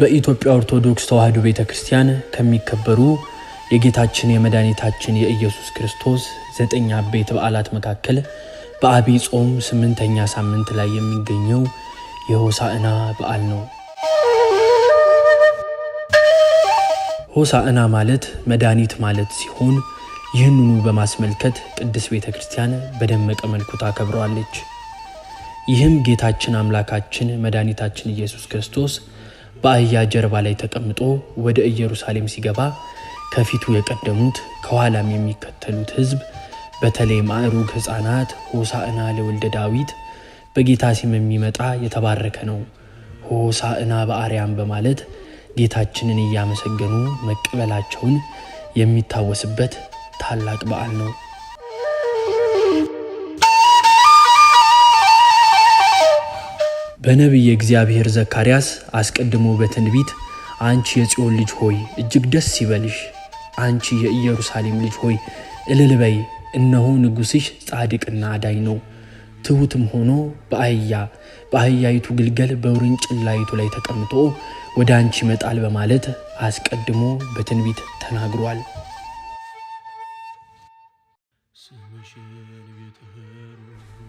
በኢትዮጵያ ኦርቶዶክስ ተዋሕዶ ቤተ ክርስቲያን ከሚከበሩ የጌታችን የመድኃኒታችን የኢየሱስ ክርስቶስ ዘጠኝ አበይት በዓላት መካከል በዐቢይ ጾም ስምንተኛ ሳምንት ላይ የሚገኘው የሆሳዕና በዓል ነው። ሆሳዕና ማለት መድኃኒት ማለት ሲሆን ይህንኑ በማስመልከት ቅድስት ቤተ ክርስቲያን በደመቀ መልኩ ታከብረዋለች። ይህም ጌታችን አምላካችን መድኃኒታችን ኢየሱስ ክርስቶስ በአህያ ጀርባ ላይ ተቀምጦ ወደ ኢየሩሳሌም ሲገባ ከፊቱ የቀደሙት ከኋላም የሚከተሉት ሕዝብ በተለይ ማዕሩግ ሕፃናት ሆሳዕና ለወልደ ዳዊት በጌታ ሲም የሚመጣ የተባረከ ነው፣ ሆሳዕና በአርያም በማለት ጌታችንን እያመሰገኑ መቀበላቸውን የሚታወስበት ታላቅ በዓል ነው። በነቢየ እግዚአብሔር ዘካርያስ አስቀድሞ በትንቢት አንቺ የጽዮን ልጅ ሆይ እጅግ ደስ ይበልሽ፣ አንቺ የኢየሩሳሌም ልጅ ሆይ እልል በይ፣ እነሆ ንጉሥሽ ጻድቅና አዳኝ ነው፣ ትሑትም ሆኖ በአህያ በአህያይቱ ግልገል በውርንጭላይቱ ላይ ተቀምጦ ወደ አንቺ ይመጣል በማለት አስቀድሞ በትንቢት ተናግሯል።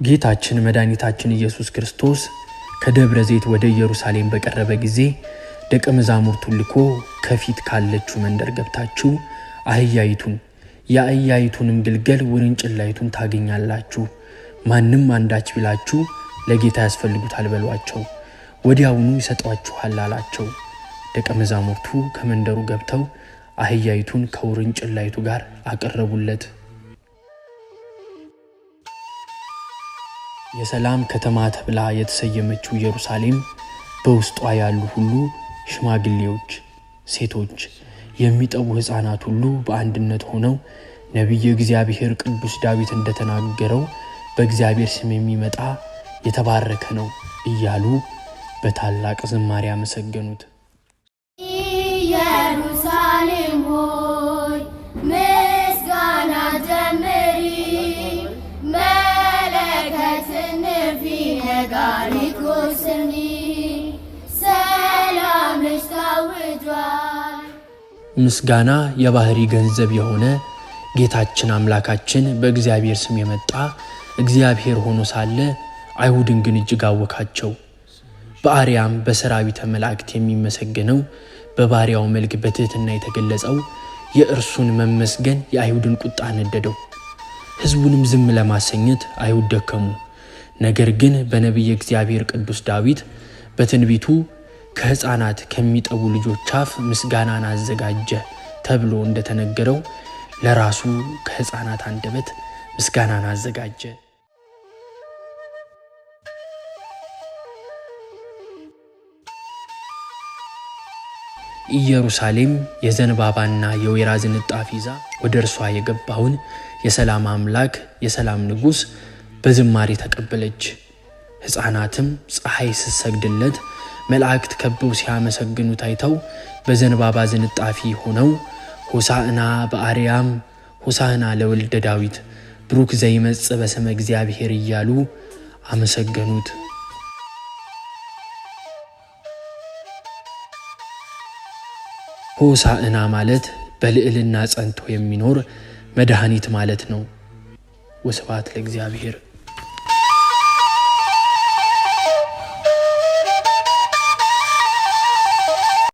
ጌታችን መድኃኒታችን ኢየሱስ ክርስቶስ ከደብረ ዘይት ወደ ኢየሩሳሌም በቀረበ ጊዜ ደቀ መዛሙርቱን ልኮ ከፊት ካለችው መንደር ገብታችሁ አህያይቱን የአህያይቱንም ግልገል ውርንጭላይቱን ታገኛላችሁ። ማንም አንዳች ቢላችሁ ለጌታ ያስፈልጉታል በሏቸው፣ ወዲያውኑ ይሰጧችኋል አላቸው። ደቀ መዛሙርቱ ከመንደሩ ገብተው አህያይቱን ከውርንጭላይቱ ጋር አቀረቡለት። የሰላም ከተማ ተብላ የተሰየመችው ኢየሩሳሌም በውስጧ ያሉ ሁሉ ሽማግሌዎች፣ ሴቶች፣ የሚጠቡ ሕፃናት ሁሉ በአንድነት ሆነው ነቢየ እግዚአብሔር ቅዱስ ዳዊት እንደተናገረው በእግዚአብሔር ስም የሚመጣ የተባረከ ነው እያሉ በታላቅ ዝማሬ አመሰገኑት። ኢየሩሳሌም ታሪኩ ስኒ ሰላምሽ ታውጇል። ምስጋና የባህሪ ገንዘብ የሆነ ጌታችን አምላካችን በእግዚአብሔር ስም የመጣ እግዚአብሔር ሆኖ ሳለ አይሁድን ግን እጅግ አወካቸው። በአርያም በሰራዊተ መላእክት የሚመሰገነው በባሪያው መልክ በትህትና የተገለጸው የእርሱን መመስገን የአይሁድን ቁጣ ነደደው። ሕዝቡንም ዝም ለማሰኘት አይሁድ ደከሙ። ነገር ግን በነቢይ እግዚአብሔር ቅዱስ ዳዊት በትንቢቱ ከሕፃናት ከሚጠቡ ልጆች አፍ ምስጋናን አዘጋጀ ተብሎ እንደተነገረው ለራሱ ከሕፃናት አንደበት ምስጋናን አዘጋጀ። ኢየሩሳሌም የዘንባባና የወይራ ዝንጣፍ ይዛ ወደ እርሷ የገባውን የሰላም አምላክ የሰላም ንጉሥ በዝማሬ ተቀበለች። ሕፃናትም ፀሐይ ስትሰግድለት መላእክት ከበው ሲያመሰግኑ ታይተው በዘንባባ ዝንጣፊ ሆነው ሆሳዕና በአርያም ሆሳዕና ለወልደ ዳዊት ብሩክ ዘይመጽ በስመ እግዚአብሔር እያሉ አመሰገኑት። ሆሳዕና ማለት በልዕልና ጸንቶ የሚኖር መድኃኒት ማለት ነው። ወስብሐት ለእግዚአብሔር።